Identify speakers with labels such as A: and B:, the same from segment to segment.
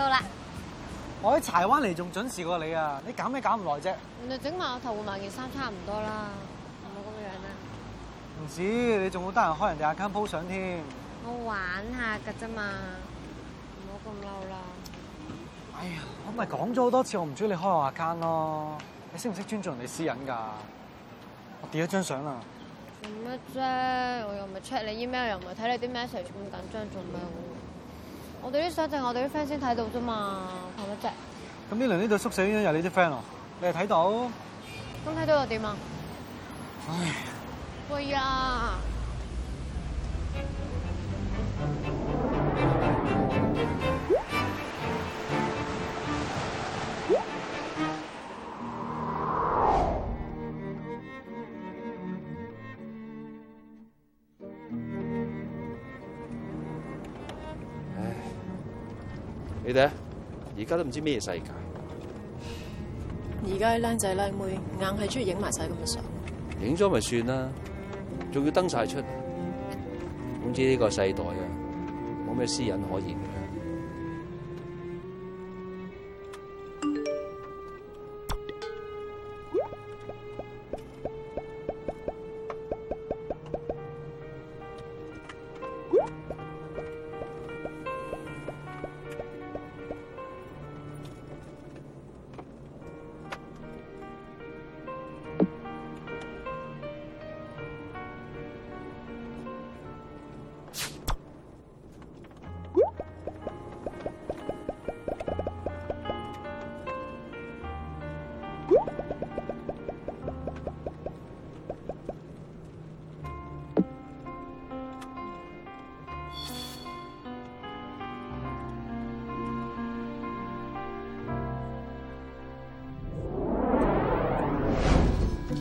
A: 到啦！我喺柴灣嚟，仲準時過你啊！你搞咩搞唔耐啫？你整埋我頭，換埋件衫差唔多啦，唔好咁樣啦。唔止，你
B: 仲好得閒開人哋 account po 相添。
A: 我玩下噶啫嘛，唔好咁嬲啦。
B: 哎呀，我咪講咗好多次，我唔中意你開我 account 咯。你識唔識尊重人哋私隱噶？我跌咗張相啦。
A: 做咩啫？我又唔係 check 你 email，又唔係睇你啲 message，咁緊張做咩？我哋啲相就我哋啲 friend 先睇到啫嘛，係乜啫。
B: 咁呢輪呢度宿舍啲人有你啲 friend 囉，你又睇到？
A: 咁睇到又點啊？唉，哎呀！啊。
C: 你睇，而家都唔知咩世界。
A: 而家啲僆仔僆妹硬係中意影埋晒咁嘅相，
C: 影咗咪算啦，仲要登晒出。總之呢個世代啊，冇咩私隱可言。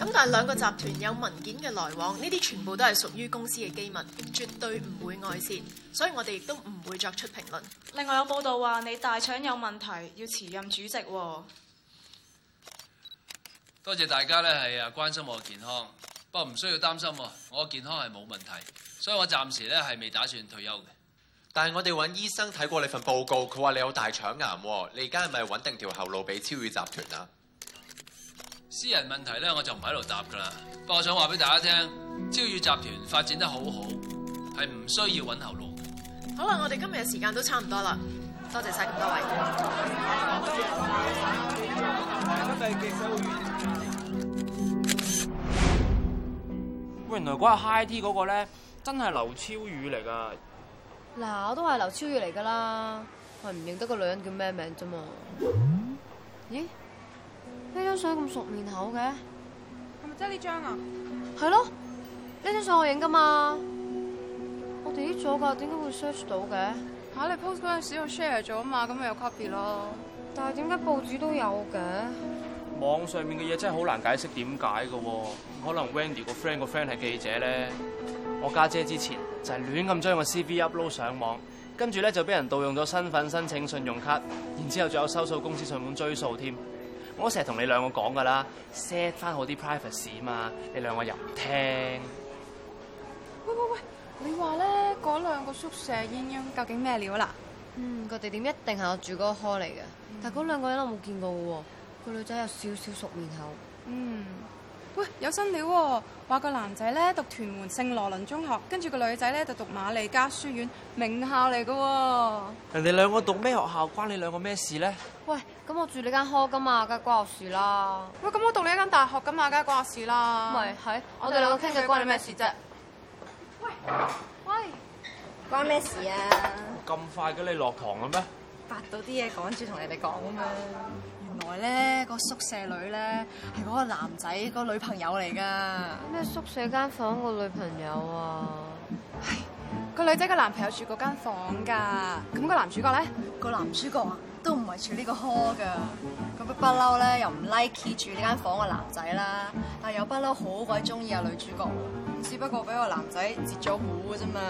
A: 咁但係兩個集團有文件嘅來往，呢啲全部都係屬於公司嘅機密，絕對唔會外洩，所以我哋亦都唔會作出評論。另外有報道話你大腸有問題，要辭任主席喎。
C: 多謝大家咧係啊關心我嘅健康，不過唔需要擔心，我嘅健康係冇問題，所以我暫時咧係未打算退休嘅。但係我哋揾醫生睇過你份報告，佢話你有大腸癌，你而家係咪揾定條後路俾超越集團啊？私人問題咧，我就唔喺度答噶啦。不過我想話俾大家聽， 超羽集團發展得好好，係唔需要揾後路。
A: 好啦，我哋今日嘅時間都差唔多啦，多謝晒咁多位。
C: 喂、嗯，原來嗰日 high tea 嗰個咧，真係劉超羽嚟噶。
A: 嗱、啊，我都係劉超羽嚟噶啦，我唔認得個女人叫咩名啫嘛？咦、嗯？
C: 欸
A: 呢張相咁熟面口嘅，係咪即係呢張啊？係咯的，呢張相我影噶嘛，我 delete 咗噶，點解會 search 到嘅？吓、啊，你 post 嗰陣時 share 咗嘛？咁咪有 copy 咯。但係點解報紙都有嘅？
C: 網上面嘅嘢真係好難解釋點解噶，可能 Wendy 個 friend 個 friend 係記者咧。我家姐，姐之前就係、是、亂咁將個 CV upload 上網，跟住咧就俾人盜用咗身份申請信用卡，然之後仲有收數公司上門追數添。我成日同你兩個講㗎啦，set 翻好啲 privacy 啊嘛，你兩個又唔聽。
A: 喂喂喂，你話咧嗰兩個宿舍鴛鴦究竟咩料啦？嗯，個地點一定係我住嗰個科嚟嘅，嗯、但係嗰兩個人都冇見過喎。個女仔有少少熟面口。嗯，喂，有新料喎，話個男仔咧讀屯門聖羅倫中學，跟住個女仔咧就讀馬利加書院，名校嚟嘅喎。
C: 人哋兩個讀咩學校關你兩個咩事咧？
A: 喂！咁我住呢間 hall 噶嘛，梗係關我事啦。喂，咁我讀你一間大學噶嘛，梗係關我事啦。唔係，係我哋兩個傾偈關你咩事啫？
C: 喂喂，
A: 喂關咩事啊？
C: 咁快嘅你落堂嘅咩？
A: 發到啲嘢趕住同你哋講啊嘛。原來咧個宿舍女咧係嗰個男仔個女朋友嚟㗎。咩宿舍間房個女朋友啊？係個女仔嘅男朋友住嗰間房㗎。咁個男主角咧？個男主角啊？圍住呢個 hall 噶，咁不不嬲咧又唔 like 住呢間房嘅男仔啦，但係又不嬲好鬼中意個女主角，只不過俾個男仔截咗胡啫嘛，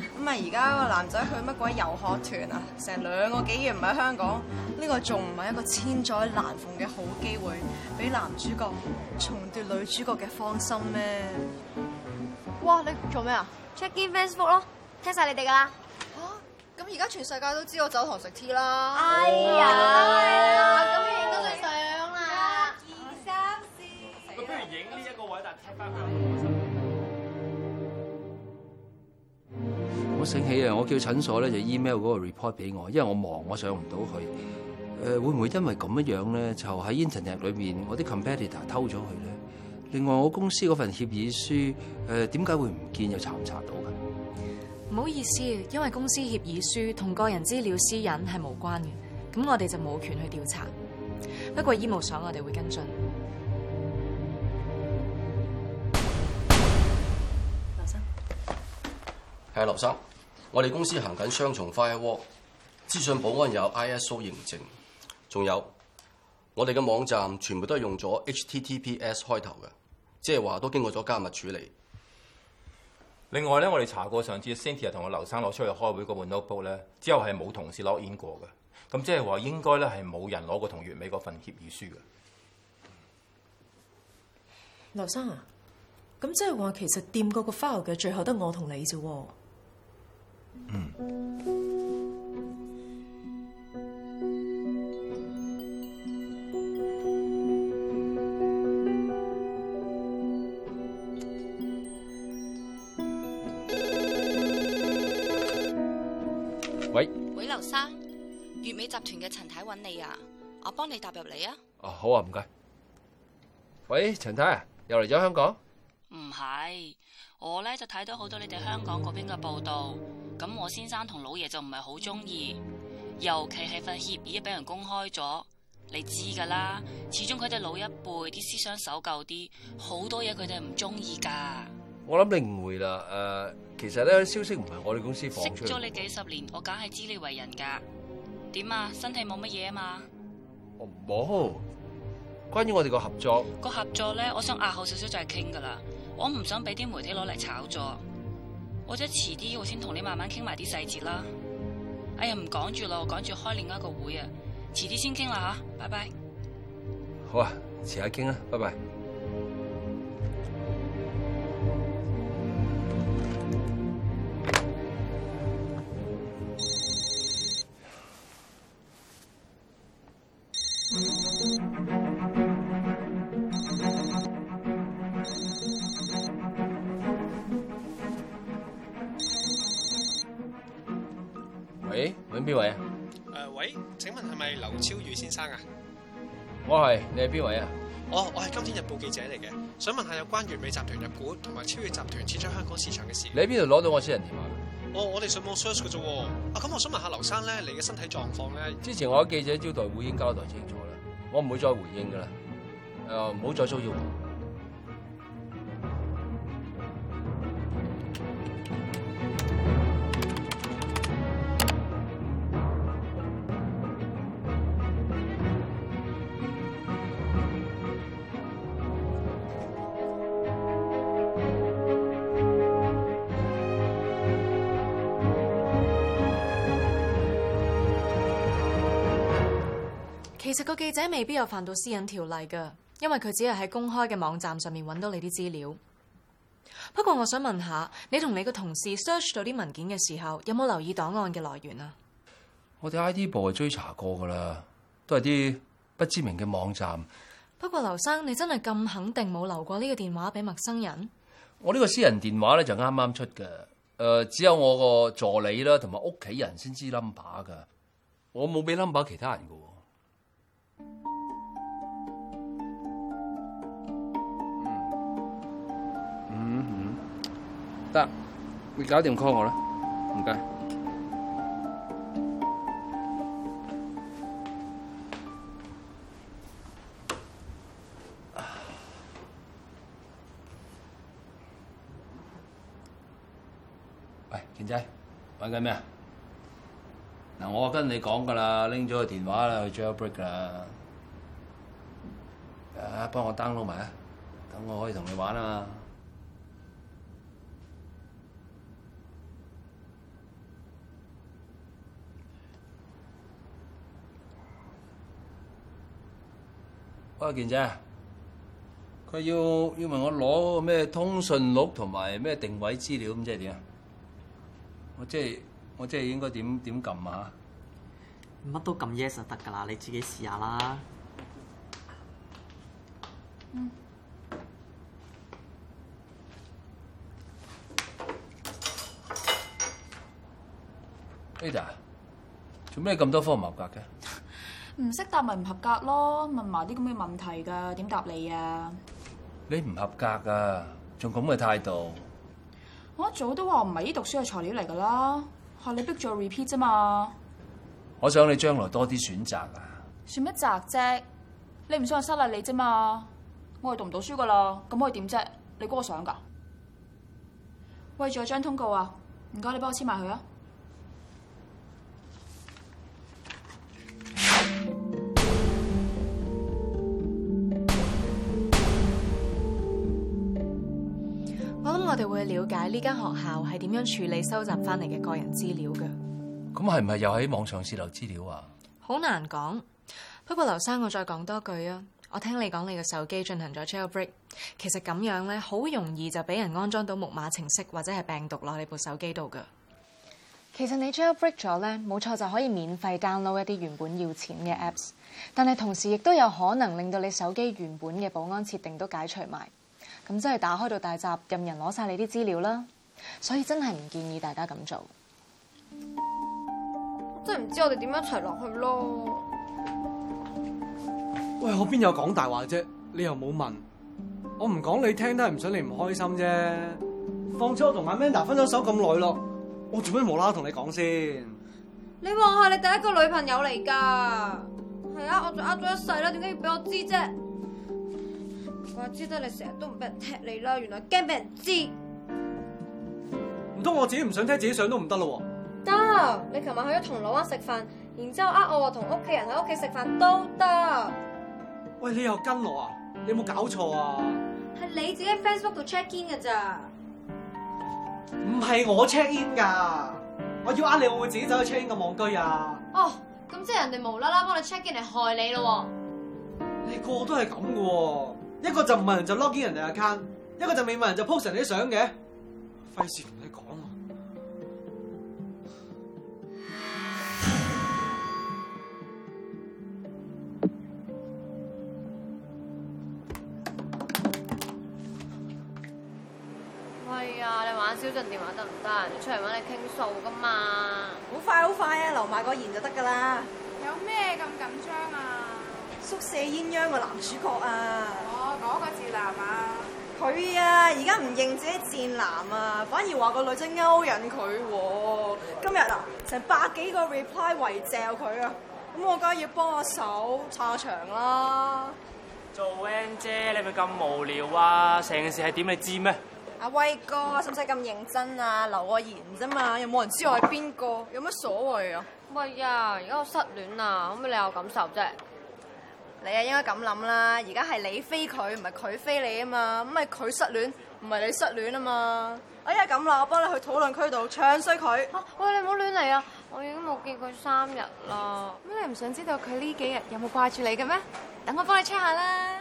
A: 咁啊而家個男仔去乜鬼遊學團啊，成兩個幾月唔喺香港，呢個仲唔係一個千載難逢嘅好機會，俾男主角重奪女主角嘅芳心咩？哇，你做咩啊？check in Facebook 咯，聽晒你哋噶啦。咁而家全世界都知道我走堂食 tea 啦！哎呀，咁影多啲相啦！二三四，哎呀啊、不如影呢一個位，但踢翻佢喺
C: 我身。我醒起啊，我叫診所咧就 email 個 report 俾我，因為我忙，我上唔到去。誒，會唔會因為咁樣咧，就喺 internet 裏面，我啲 competitor 偷咗佢咧？另外，我公司份協議書誒點解會唔見又查唔查到？
B: 唔好意思，因為公司協議書同個人資料私隱係無關嘅，咁我哋就冇權去調查。不過醫務所我哋會跟進。劉
C: 生，係劉生，我哋公司行緊雙重 firework，資訊保安有 ISO 認證，仲有我哋嘅網站全部都係用咗 HTTPS 開頭嘅，即係話都經過咗加密處理。另外咧，我哋查過上次 Cynthia 同我劉生攞出去開會嗰本 notebook 咧，之後係冇同事攞 In 過嘅，咁即係話應該咧係冇人攞過同月尾嗰份協議書嘅。
B: 劉生啊，咁即係話其實掂過個 file 嘅最後得我同你啫喎。嗯。
C: 喂，
A: 喂，劉生，粵美集團嘅陳太揾你啊，我幫你搭入嚟
C: 啊。哦，好啊，唔該。喂，陳太啊，又嚟咗香港？
B: 唔係，我呢就睇到好多你哋香港嗰邊嘅報道，咁我先生同老爺就唔係好中意，尤其係份協議俾人公開咗，你知噶啦。始終佢哋老一輩啲思想守舊啲，好多嘢佢哋唔中意噶。
C: 我諗你誤會啦，誒、呃，其實咧消息唔係我哋公司放出。識咗你
B: 幾十年，我梗係知你為人噶。點啊？身體冇乜嘢啊嘛？
C: 我冇、哦。關於我哋個合作，
B: 個合作咧，我想壓後少少再傾噶啦。我唔想俾啲媒體攞嚟炒作。或者遲啲我先同你慢慢傾埋啲細節啦。哎呀，唔講住咯，我趕住開另一個會啊，遲啲先傾啦吓，拜拜。
C: 好啊，遲下傾啊。拜拜。余先生啊，oh, 我係，你係邊位啊？我我係今天日報記者嚟嘅，想問下有關完美集團入股同埋超越集團撤出香港市場嘅事。你喺邊度攞到我私人電話？哦，oh, 我哋上網 search 嘅啫。啊，咁我想問下劉生咧，你嘅身體狀況？咧之前我喺記者招待會已經交代清楚啦，我唔會再回應噶啦。誒、呃，唔好再騷擾。
B: 其實個記者未必有犯到私隱條例噶因為佢只係喺公開嘅網站上面搵到你啲資料。不過我想問下，你同你個同事 search 到啲文件嘅時候，有冇留意檔案嘅來源啊？
C: 我哋 IT 部係追查過噶啦，都係啲不知名嘅網站。
B: 不過劉生，你真係咁肯定冇留過呢個電話俾陌生人？
C: 我呢個私人電話咧就啱啱出嘅，誒，只有我個助理啦同埋屋企人先知 number 噶，我冇俾 number 其他人噶得，你搞掂 call 我啦，唔該謝。喂，健仔，玩緊咩啊？嗱，我跟你講噶啦，拎咗個電話啦，去 jailbreak 啦。啊，幫我 download 埋啊，等我可以同你玩啊。喂，健仔，佢要要問我攞咩通訊錄同埋咩定位資料咁，即係點啊？我即係我即係應該點點撳啊？乜都撳 yes 就得噶啦，你自己試下啦。Ada，做咩咁多科唔合格嘅？
B: 唔識答咪唔合格咯，問埋啲咁嘅問題噶，點答你
A: 啊？
C: 你唔合格噶，仲咁嘅態度。
A: 我一早都話唔係呢讀書嘅材料嚟噶啦，學你逼咗我 repeat 啫嘛。
C: 我想你將來多啲選擇啊。
A: 算乜擇啫？你唔想我失禮你啫嘛？我係讀唔到書噶啦，咁可以點啫？你估我想噶？喂咗我張通告啊，唔該你幫我黐埋佢啊。
B: 我哋會了解呢間學校係點樣處理收集翻嚟嘅個人資料嘅。
C: 咁係唔係又喺網上泄露資料啊？
B: 好難講。不過劉生，我再講多句啊。我聽你講你嘅手機進行咗 jailbreak，其實咁樣咧好容易就俾人安裝到木馬程式或者係病毒落你部手機度噶。其實你 jailbreak 咗咧，冇錯就可以免費 download 一啲原本要錢嘅 apps，但係同時亦都有可能令到你手機原本嘅保安設定都解除埋。咁真係打開到大閘，任人攞晒你啲資料啦，所以真係唔建議大家咁做。
A: 真係唔知我哋點樣一齊落去咯。喂，我邊有講大話啫？你又冇問，我唔講你聽都係唔想你唔開心啫。況且我同阿 Manda 分咗手咁耐咯，我做咩無啦同你講先？你話我係你第一個女朋友嚟噶？係啊，我仲呃咗一世啦，點解要俾我知啫？我知得你成日都唔俾人踢你啦，原來驚俾人知。唔通我自己唔想聽自己上都唔得咯？得，你琴晚去咗銅鑼灣食飯，然之後呃我同屋企人喺屋企食飯都得。喂，你又跟我啊？你有冇搞錯啊？係你自己喺 Facebook 度 check in 噶咋？唔係我 check in 噶，我要呃你我會自己走去 check in 個網居啊？哦，咁即係人哋無啦啦幫你 check in 嚟害你咯？你個個都係咁噶？
B: 一個就唔問人就 lock 緊人哋 account，一個就未問人就 post 曬啲相嘅。費事同你講喎。
A: 喂啊，你玩小鎮電話得唔得？人哋出嚟揾你傾訴噶嘛。好快好快啊，留埋個言就得噶啦。有咩咁緊張啊？宿舍鴛鴦個男主角啊！嗰、哦那個賤男啊！佢啊，而家唔認自己賤男啊，反而話個女仔勾引佢喎、啊。今日啊，成百幾個 reply 圍嚼佢啊，咁我梗係要幫我手撐下場啦。
C: 做 a n 姐，你咪咁無聊啊！成件事係點你知咩？
A: 阿、啊、威哥，使唔使咁認真啊？留個言啫嘛，又冇人知我係邊個，有乜所謂啊？唔啊，而家我失戀啊，可，可你有感受啫？你啊，應該咁諗啦。而家係你飛佢，唔係佢飛你啊嘛，咁咪佢失戀，唔係你失戀啊嘛。啊，依家咁啦，我幫你去討論區度唱衰佢。啊。喂，你唔好亂嚟啊！我已經冇見佢三日啦。乜你唔想知道佢呢幾日有冇掛住你嘅咩？等我幫你 check 下啦！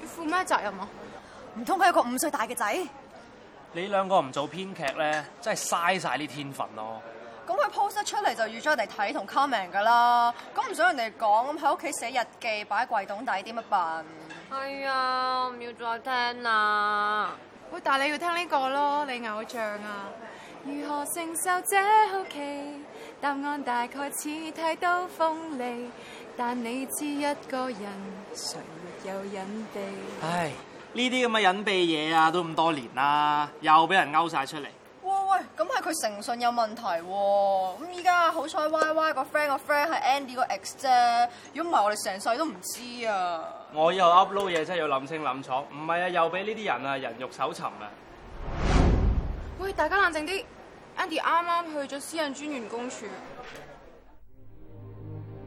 A: 要負咩責任啊？唔通佢係個五歲大嘅仔？
C: 你兩個唔做編劇咧，真係嘥晒啲天分咯。
A: 咁佢 post 出嚟就預咗人哋睇同 comment 噶啦，咁唔想人哋講，咁喺屋企寫日記擺喺櫃桶底點乜辦？係啊、哎，唔要再聽啦。喂，但係你要聽呢個咯，你偶像啊。如何承受這好奇？答案大概似剃
B: 刀鋒利，但你知一個人誰沒有隱秘？
A: 唉，呢啲咁嘅隱秘嘢啊，都咁多年啦，又俾人勾晒出嚟。喂，咁係佢誠信有問題喎、啊，咁依家好彩 YY 個 friend 個 friend 係 Andy 個 ex 啫，如果唔係我哋成世都唔知啊！
C: 我以後 upload 嘢真係要諗清諗楚，唔係啊又俾呢啲人啊人肉搜尋啊！
A: 喂，大家冷靜啲，Andy 啱啱去咗私人專員公署。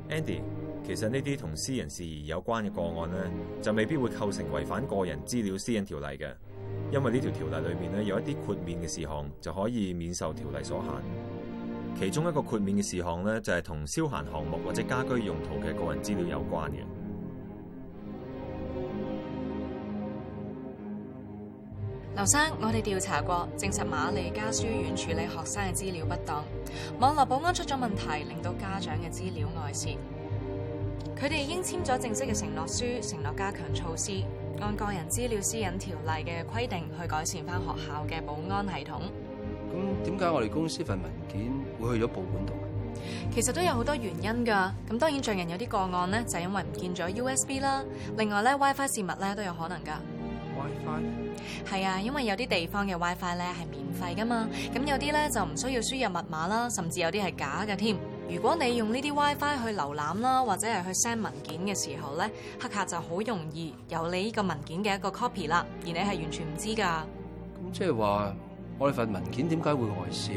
A: Andy，其實呢啲同私人事宜有關嘅個案咧，就未必會構成違反個人資料私隱條例嘅。因為呢條條例裏面咧，有一啲豁免嘅事項，就可以免受條例所限。其中一個豁免嘅事項呢，就係同消閒項
C: 目或者家居用途嘅個人資料有關嘅。
B: 劉生，我哋調查過，證實馬利家書院處理學生嘅資料不當，網絡保安出咗問題，令到家長嘅資料外洩。佢哋已經簽咗正式嘅承諾書，承諾加強措施。按個人資料私隱條例嘅規定去改善翻學校嘅保安系統。
C: 咁點解我哋公司份文件會去咗保管度？
B: 其實都有好多原因噶。咁當然，最近有啲個案咧，就因為唔見咗 U S B 啦。另外咧，WiFi 洩密咧都有可能噶。WiFi 係啊，因為有啲地方嘅 WiFi 咧係免費噶嘛。咁有啲咧就唔需要輸入密碼啦，甚至有啲係假嘅添。如果你用呢啲 WiFi 去瀏覽啦，或者係去 send 文件嘅時候咧，黑客就好容易有你呢個文件嘅一個 copy 啦，而你係完全唔知噶。
C: 咁即係話，我哋份文件點解會外泄？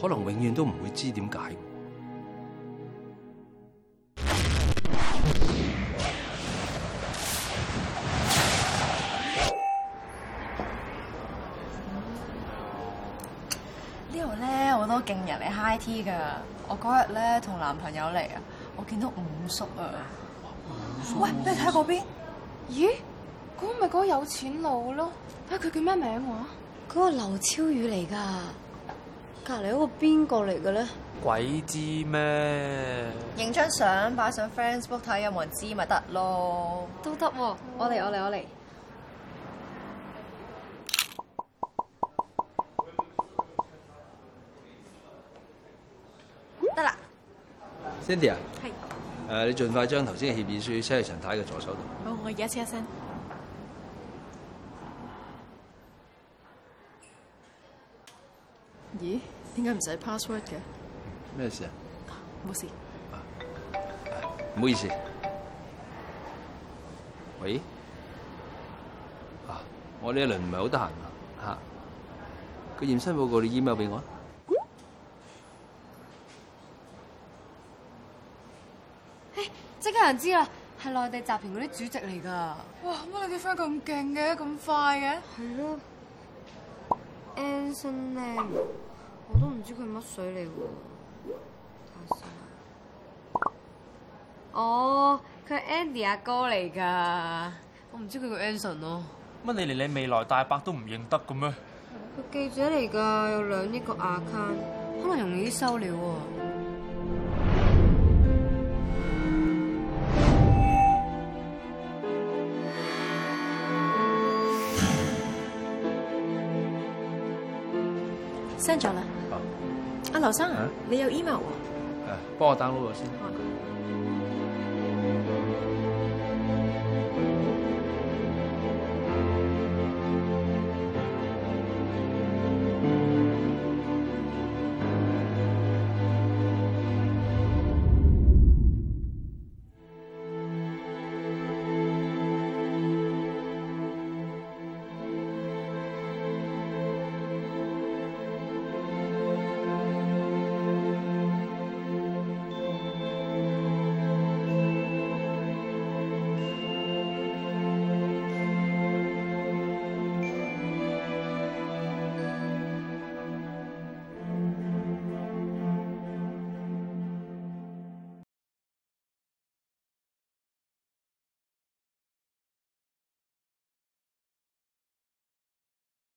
C: 可能永遠都唔會知點解。
A: 呢度咧好多勁人嚟 high tea 㗎，我嗰日咧同男朋友嚟啊，我見到五叔啊，叔喂，叔你睇下嗰邊，咦，嗰咪嗰個有錢佬咯，啊，佢叫咩名話？嗰個劉超羽嚟㗎，隔離嗰個邊個嚟嘅咧？
C: 鬼知咩？
A: 影張相擺上 Facebook 睇，有冇人知咪得咯？都得喎，啊，我嚟我嚟我嚟。我 Cindy 啊，係 Cynthia,
C: 的，誒、uh, 你盡快將頭先嘅協議書寫喺陳太嘅助手度。
A: 好，我而家先一聲。咦？點解唔使 password 嘅？
C: 咩事啊？
A: 冇事啊。
C: 唔好意思。喂？啊，我呢一輪唔係好得閒啊。佢個驗身報告你 email 俾我。
A: 冇人知啦，係內地集團嗰啲主席嚟噶。哇，乜你啲 friend 咁勁嘅，咁快嘅？係咯，Anson，我都唔知佢乜水嚟
C: 喎。
A: 哦，佢係 Andy 阿哥嚟噶，我唔知佢個 Anson 咯。
C: 乜你連你未來大伯都唔認得嘅咩？
A: 佢記者嚟噶，有兩億個 account，可能容易收料喎。
B: 刪咗啦，阿劉生啊，生啊你有 email 喎，
C: 誒、啊，幫我登錄下先。